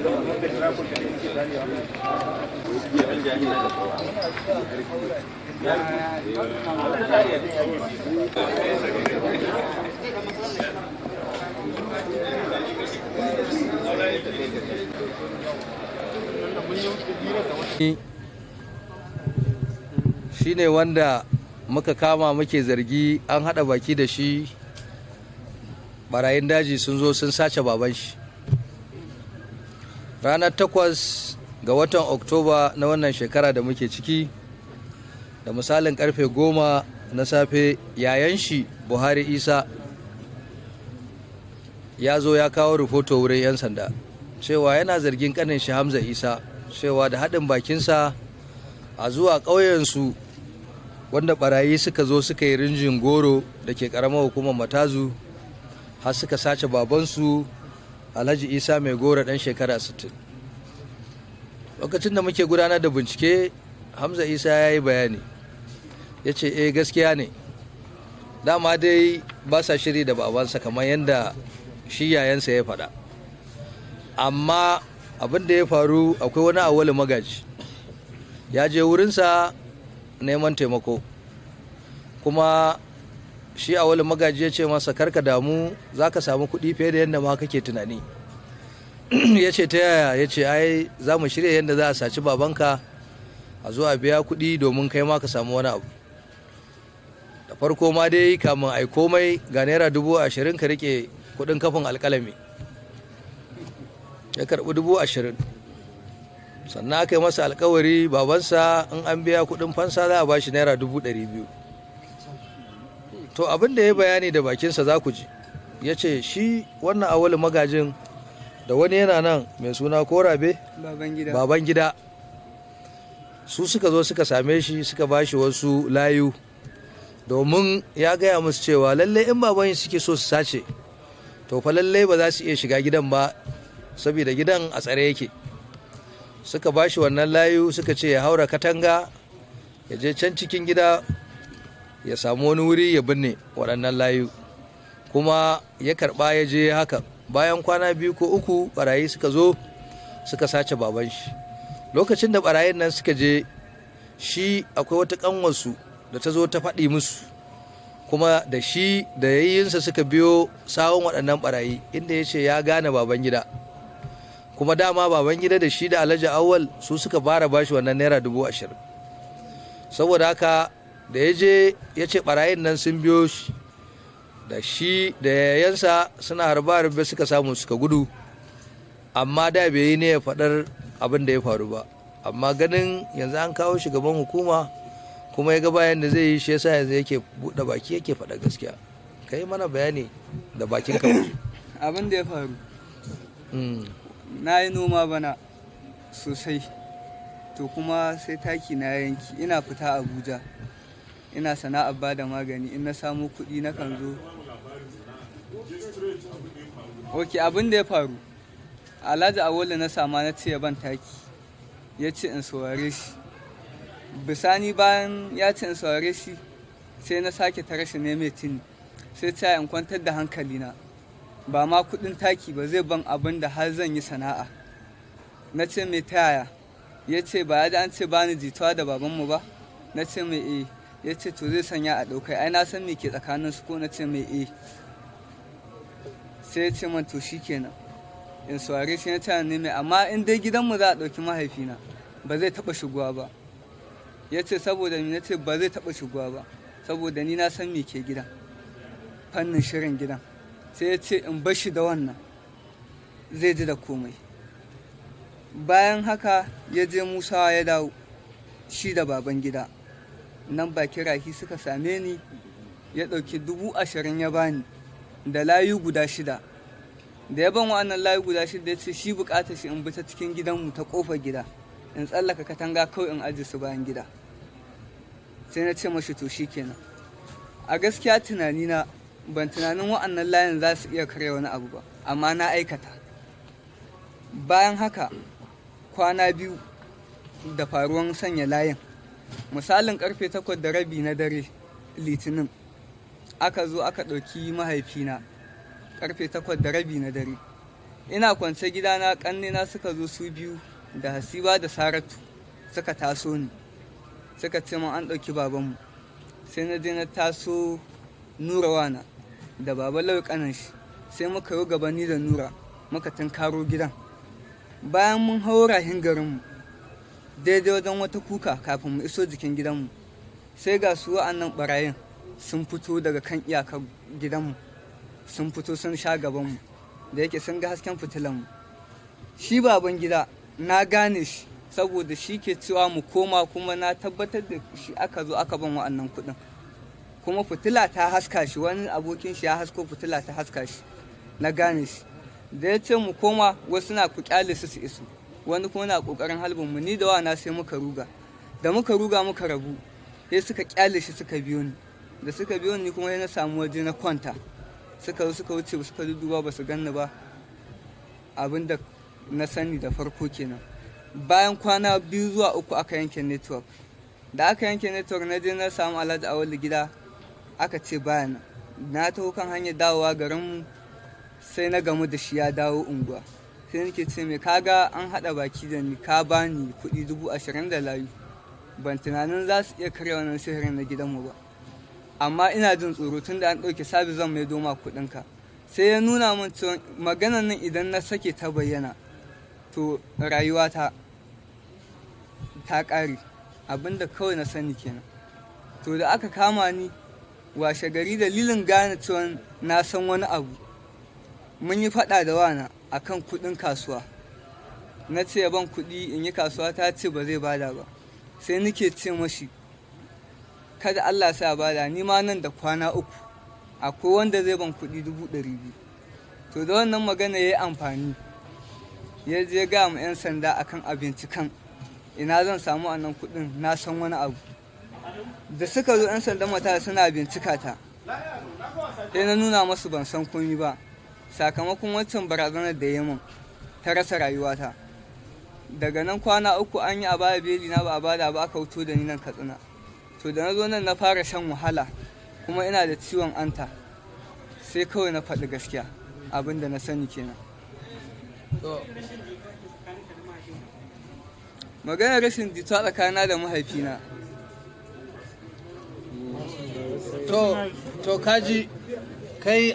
shi ne wanda muka kama muke zargi an haɗa baki da shi barayin daji sun zo sun sace baban shi ranar takwas ga watan oktoba na wannan shekara da muke ciki da misalin karfe goma na safe yayan shi buhari isa ya zo ya kawo rahoto wurin 'yan sanda cewa yana zargin kanin shi hamza isa cewa da haɗin bakinsa a zuwa ƙauyensu wanda barayi suka zo suka yi rinjin goro da ke ƙaramar hukumar matazu har suka sace babansu alhaji isa mai gora ɗan shekara 60 lokacin da muke gudanar da bincike hamza isa ya yi bayani ya ce eh gaskiya ne dama dai ba sa shiri da babansa kamar yadda shi yayansa ya faɗa amma abin da ya faru akwai wani awali magaji ya je wurinsa neman taimako kuma shi a wani magaji ya ce masa karka damu za ka samu kuɗi fiye da yadda ma kake tunani ya ce ta yaya ya ce ai za mu shirya yadda za a saci babanka a zo a biya kuɗi domin kai ma ka samu wani abu da farko ma dai kamun ai komai ga naira dubu ashirin ka rike kuɗin kafin alƙalami ya karɓi dubu ashirin sannan aka yi masa alkawari babansa in an biya kuɗin fansa za a ba shi naira dubu ɗari biyu to abin da ya bayani da bakinsa za ku ji ya ce shi wannan awali magajin da wani yana nan mai suna korabe baban gida su suka zo suka same shi suka ba shi wasu layu domin ya gaya musu cewa lallai in baban suke so su sace to fa lallai ba za su iya shiga gidan ba saboda gidan a tsare yake suka ba shi wannan layu suka ce ya haura katanga ya je can cikin gida ya samu wani wuri ya binne waɗannan layu kuma ya karɓa ya je haka bayan kwana biyu ko uku barayi suka zo suka sace baban shi lokacin da barayin nan suka je shi akwai wata ƙanwarsu da ta zo ta faɗi musu kuma da shi da yayyinsa suka biyo sawon waɗannan barayi inda ya ce ya gane baban gida kuma dama baban gida da shi da alhaji awal su suka fara bashi wannan naira dubu ashirin saboda haka da ya je ya ce barayin nan sun biyo shi da shi da yayansa suna harba-harbe suka samu suka gudu amma da bai yi ne ya faɗar abin da ya faru ba amma ganin yanzu an kawo shi gaban hukuma kuma ya ga bayan da zai yi shi yasa yanzu yake buɗe baki yake faɗa gaskiya ka yi mana bayani da bakin ka abin da ya faru hmm. na yi noma bana sosai to kuma sai taki na yanki ina fita abuja ina sana'ar ba da magani in na samu kuɗi na kan zo ok abin da ya faru alhaji awola na sama na ce ban taki ya ce in saurare shi bisani bayan ya ce in saurare shi sai na sake tare shi ne mai tuni sai ta in kwantar da hankalina ba ma kuɗin taki ba zai ban abin da har zan yi sana'a na ce mai taya ya ce ba ya ji an ce bani jituwa da babanmu ba na ce mai eh ya ce to zai sanya a ɗaukai ai na san me ke tsakanin su ko na ce mai eh. sai ya ce man to shi kenan in sai ya na ni mai amma in dai gidanmu za a ɗauki mahaifina ba zai taɓa shigowa ba ya ce saboda ni na ce ba zai taɓa shigowa ba saboda ni na san me ke gidan fannin shirin gidan sai ya ce in bar shi da wannan zai ji da komai bayan haka ya je musa ya dawo shi da baban gida nan ba rahi suka same ni ya ɗauki dubu ashirin ya bani da layu guda shida da ya ban wa'annan layu guda shida ya ce shi bukatar shi in bi ta cikin gidanmu ta kofar gida in tsallaka katanga kawai in aji su bayan gida sai na ce mashi to shi kenan a gaskiya tunani na, ban tunanin wa'annan layin za su iya karya wani abu ba amma na aikata bayan haka kwana biyu da faruwan sanya layin misalin karfe takwas da rabi na dare litinin aka zo aka ɗauki mahaifina karfe takwas da rabi na dare ina kwance gidana ƙannena suka zo su biyu da hasiba da saratu suka taso ni suka ce min an ɗauki babanmu sai na je na taso nura wana da baba lau shi sai muka yi gabani da nura muka tunkaro gidan bayan mun haura rahin garinmu daidai wajen wata kuka kafin mu iso jikin gidanmu sai ga su wa'annan barayin sun fito daga kan iyakar gidanmu sun fito sun sha gabanmu da yake sun ga hasken fitilanmu shi baban gida na gane shi saboda shi ke cewa mu koma kuma na tabbatar da shi aka zo aka ban wa'annan kuɗin kuma fitila ta haska shi wani abokin shi ya hasko fitila ta haska shi na gane shi da ya ce mu koma wasu na ku kyale su su iso. wani kuma na kokarin halbin mu ni da wana sai muka ruga da muka ruga muka rabu sai suka kyale shi suka biyo ni da suka biyo ni kuma na samu waje na kwanta suka zo suka wuce suka duduba ba su ganni ba Abinda na sani da farko kenan bayan kwana biyu zuwa uku aka yanke network da aka yanke network na je na samu alhaji a wani gida aka ce bayan na taho kan hanyar dawowa garinmu sai na gamu da shi ya dawo unguwa sai nake ce mai kaga an haɗa baki da ni ka bani kuɗi dubu ashirin da layu ban tunanin za su iya karya wannan sihirin na gidanmu ba amma ina jin tsoro tun da an ɗauke sabi zan mai doma kuɗinka sai ya nuna min cewa maganan nan idan na sake ta bayyana to rayuwata ta ƙare abinda kawai na sani kenan to da aka kama ni washe gari dalilin gane cewa na san wani abu mun yi faɗa da wana a kan kuɗin kasuwa na ce ban kuɗi in yi kasuwa ta ce ba zai bada ba sai nike ce mashi kada Allah sa bada ni ma nan da kwana uku akwai wanda zai ban kuɗi dubu ɗari biyu to da wannan magana ya yi amfani ya je ga mu 'yan sanda akan abincikan. ina zan samu annan kuɗin na san wani abu da suka zo 'yan sandan mata suna bincika ta sai na nuna masu ban san komi ba sakamakon wancan barazanar da ya min ta rasa rayuwata daga nan kwana uku an yi a baya beli na ba a bada ba aka wuto da ni nan katsina to da na zo nan na fara shan wahala kuma ina da ciwon anta sai kawai na faɗi gaskiya abin da na sani kenan maganar rashin jituwa tsakanina da mahaifina to kaji kai